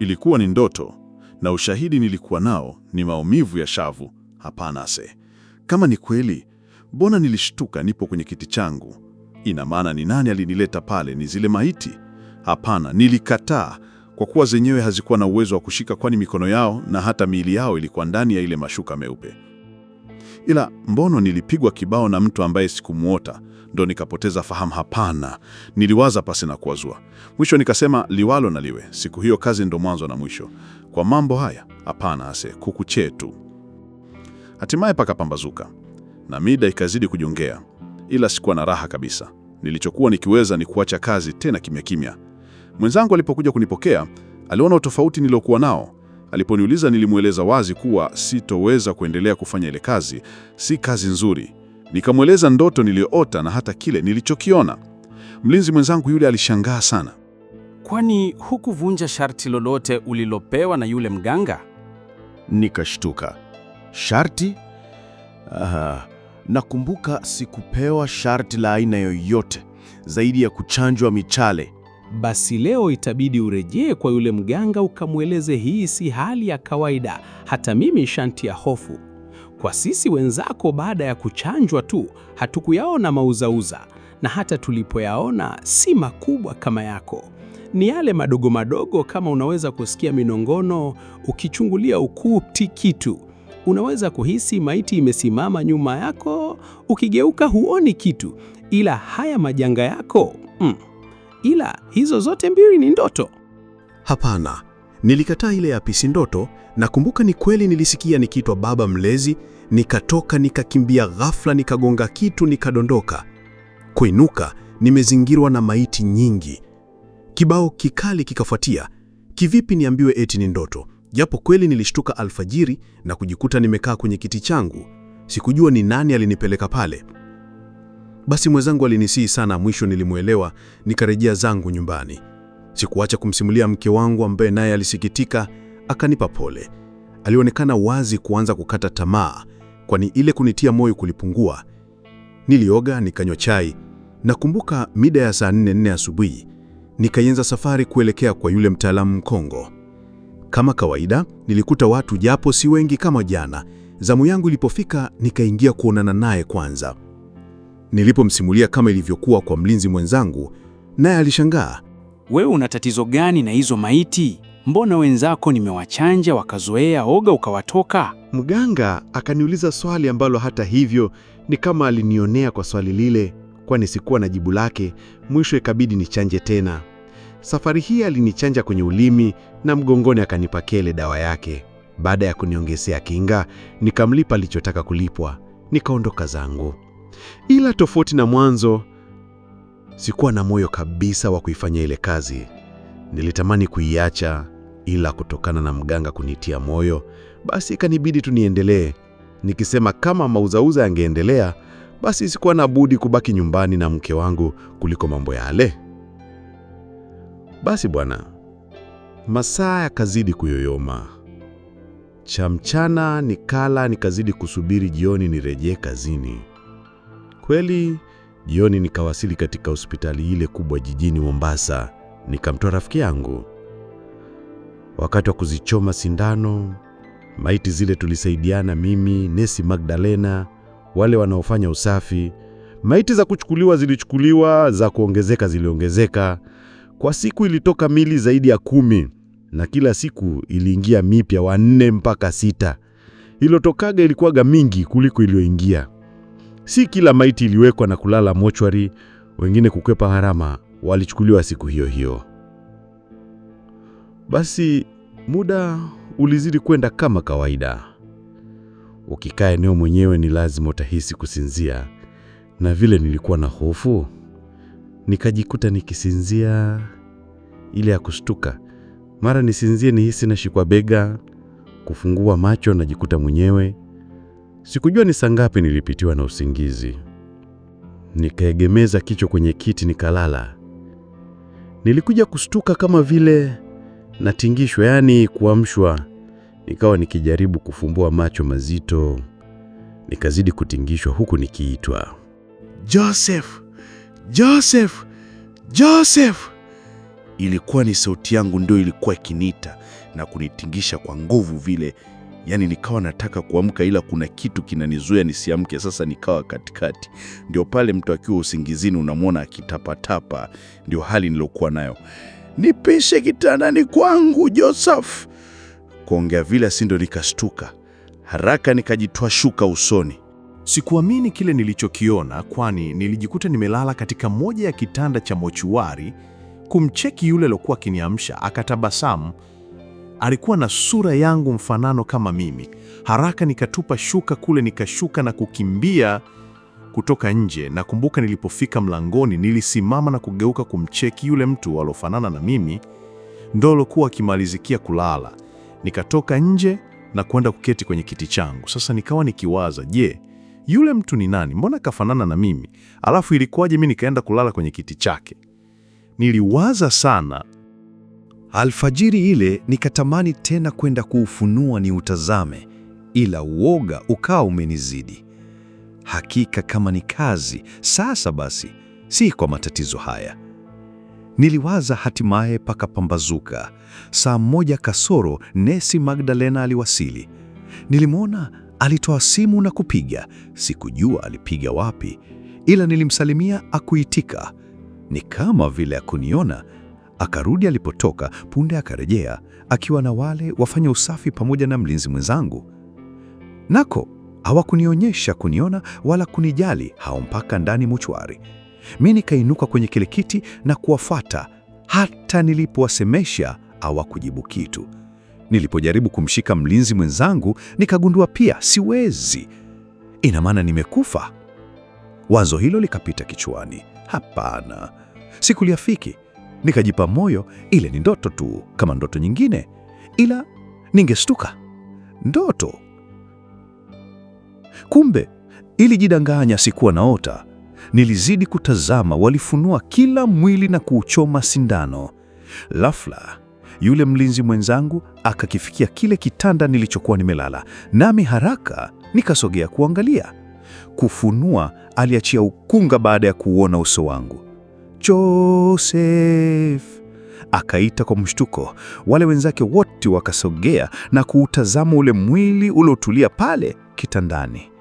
Ilikuwa ni ndoto na ushahidi nilikuwa nao ni maumivu ya shavu. Hapana se, kama ni kweli, mbona nilishtuka nipo kwenye kiti changu? Ina maana ni nani alinileta pale? Ni zile maiti? Hapana, nilikataa kwa kuwa zenyewe hazikuwa na uwezo wa kushika, kwani mikono yao na hata miili yao ilikuwa ndani ya ile mashuka meupe ila mbono nilipigwa kibao na mtu ambaye sikumuota, ndo nikapoteza fahamu? Hapana, niliwaza pasi na kuwazua. Mwisho nikasema liwalo na liwe, siku hiyo kazi ndo mwanzo na mwisho kwa mambo haya. Hapana ase kuku chetu. Hatimaye pakapambazuka na mida ikazidi kujongea, ila sikuwa na raha kabisa. Nilichokuwa nikiweza ni kuacha kazi, tena kimya kimya. Mwenzangu alipokuja kunipokea aliona utofauti niliokuwa nao Aliponiuliza, nilimweleza wazi kuwa sitoweza kuendelea kufanya ile kazi, si kazi nzuri. Nikamweleza ndoto niliyoota na hata kile nilichokiona. Mlinzi mwenzangu yule alishangaa sana. Kwani hukuvunja sharti lolote ulilopewa na yule mganga? Nikashtuka. Sharti? Aha, nakumbuka sikupewa sharti la aina yoyote zaidi ya kuchanjwa michale basi leo itabidi urejee kwa yule mganga ukamweleze hii si hali ya kawaida, hata mimi shanti ya hofu. Kwa sisi wenzako baada ya kuchanjwa tu hatukuyaona mauzauza, na hata tulipoyaona si makubwa kama yako, ni yale madogo madogo. Kama unaweza kusikia minongono, ukichungulia ukuti kitu unaweza kuhisi maiti imesimama nyuma yako, ukigeuka huoni kitu, ila haya majanga yako mm ila hizo zote mbili ni ndoto. Hapana, nilikataa ile ya pisi ndoto. Nakumbuka ni kweli nilisikia nikiitwa baba mlezi, nikatoka nikakimbia, ghafla nikagonga kitu nikadondoka. Kuinuka nimezingirwa na maiti nyingi. Kibao kikali kikafuatia, kivipi niambiwe eti ni ndoto? Japo kweli nilishtuka alfajiri na kujikuta nimekaa kwenye kiti changu. Sikujua ni nani alinipeleka pale. Basi mwenzangu alinisihi sana, mwisho nilimwelewa, nikarejea zangu nyumbani. Sikuacha kumsimulia mke wangu, ambaye naye alisikitika, akanipa pole. Alionekana wazi kuanza kukata tamaa, kwani ile kunitia moyo kulipungua. Nilioga, nikanywa chai. Nakumbuka mida ya saa nne nne asubuhi nikaanza safari kuelekea kwa yule mtaalamu Mkongo. Kama kawaida, nilikuta watu japo si wengi kama jana. Zamu yangu ilipofika, nikaingia kuonana naye kwanza. Nilipomsimulia kama ilivyokuwa kwa mlinzi mwenzangu, naye alishangaa, wewe una tatizo gani na hizo maiti? Mbona wenzako nimewachanja wakazoea oga ukawatoka? Mganga akaniuliza swali ambalo hata hivyo ni kama alinionea kwa swali lile, kwani sikuwa na jibu lake. Mwisho ikabidi nichanje tena. Safari hii alinichanja kwenye ulimi na mgongoni, akanipa kele dawa yake. Baada ya kuniongezea kinga, nikamlipa alichotaka kulipwa, nikaondoka zangu. Ila tofauti na mwanzo, sikuwa na moyo kabisa wa kuifanya ile kazi. Nilitamani kuiacha, ila kutokana na mganga kunitia moyo, basi ikanibidi tu niendelee, nikisema kama mauzauza yangeendelea, basi sikuwa na budi kubaki nyumbani na mke wangu kuliko mambo yale. Basi bwana, masaa yakazidi kuyoyoma. Cha mchana nikala, nikazidi kusubiri jioni nirejee kazini. Kweli jioni nikawasili katika hospitali ile kubwa jijini Mombasa, nikamtoa rafiki yangu. Wakati wa kuzichoma sindano maiti zile, tulisaidiana mimi, nesi Magdalena, wale wanaofanya usafi. Maiti za kuchukuliwa zilichukuliwa, za kuongezeka ziliongezeka. Kwa siku ilitoka mili zaidi ya kumi na kila siku iliingia mipya wanne mpaka sita. Ilotokaga ilikuwaga mingi kuliko iliyoingia. Si kila maiti iliwekwa na kulala mochwari, wengine kukwepa harama walichukuliwa siku hiyo hiyo. Basi muda ulizidi kwenda kama kawaida. Ukikaa eneo mwenyewe ni lazima utahisi kusinzia, na vile nilikuwa na hofu, nikajikuta nikisinzia ile ya kushtuka. Mara nisinzie nihisi nashikwa bega, kufungua macho najikuta mwenyewe Sikujua ni saa ngapi nilipitiwa na usingizi, nikaegemeza kichwa kwenye kiti nikalala. Nilikuja kustuka kama vile natingishwa, yaani kuamshwa. Nikawa nikijaribu kufumbua macho mazito, nikazidi kutingishwa, huku nikiitwa Joseph, Joseph, Joseph. Ilikuwa ni sauti yangu ndio ilikuwa ikiniita na kunitingisha kwa nguvu vile Yaani nikawa nataka kuamka, ila kuna kitu kinanizuia nisiamke. Sasa nikawa katikati, ndio pale mtu akiwa usingizini unamwona akitapatapa. Ndio hali nilokuwa nayo. Nipishe kitandani kwangu Joseph, kuongea vile, si ndio? Nikastuka haraka, nikajitoa shuka usoni. Sikuamini kile nilichokiona, kwani nilijikuta nimelala katika moja ya kitanda cha mochuari. Kumcheki yule aliokuwa akiniamsha, akatabasamu Alikuwa na sura yangu mfanano kama mimi. Haraka nikatupa shuka kule, nikashuka na kukimbia kutoka nje. Nakumbuka nilipofika mlangoni, nilisimama na kugeuka kumcheki yule mtu aliofanana na mimi, ndo alokuwa akimalizikia kulala. Nikatoka nje na kwenda kuketi kwenye kiti changu. Sasa nikawa nikiwaza, je, yule mtu ni nani? Mbona kafanana na mimi? Alafu ilikuwaje mimi nikaenda kulala kwenye kiti chake? Niliwaza sana Alfajiri ile nikatamani tena kwenda kuufunua ni utazame, ila uoga ukawa umenizidi. Hakika kama ni kazi sasa, basi si kwa matatizo haya. Niliwaza, hatimaye pakapambazuka. Saa moja kasoro Nesi Magdalena aliwasili. Nilimwona alitoa simu na kupiga, sikujua alipiga wapi, ila nilimsalimia akuitika. Ni kama vile akuniona Akarudi alipotoka, punde akarejea akiwa na wale wafanya usafi pamoja na mlinzi mwenzangu. Nako hawakunionyesha kuniona wala kunijali hao mpaka ndani mochwari. Mi nikainuka kwenye kile kiti na kuwafuata, hata nilipowasemesha hawakujibu kitu. Nilipojaribu kumshika mlinzi mwenzangu nikagundua pia siwezi. Ina maana nimekufa? Wazo hilo likapita kichwani. Hapana, sikuliafiki. Nikajipa moyo, ile ni ndoto tu kama ndoto nyingine, ila ningestuka. Ndoto kumbe! Ilijidanganya, sikuwa naota. Nilizidi kutazama, walifunua kila mwili na kuuchoma sindano. Lafla yule mlinzi mwenzangu akakifikia kile kitanda nilichokuwa nimelala, nami haraka nikasogea kuangalia. Kufunua, aliachia ukunga baada ya kuuona uso wangu. Joseph, akaita kwa mshtuko. Wale wenzake wote wakasogea na kuutazama ule mwili uliotulia pale kitandani.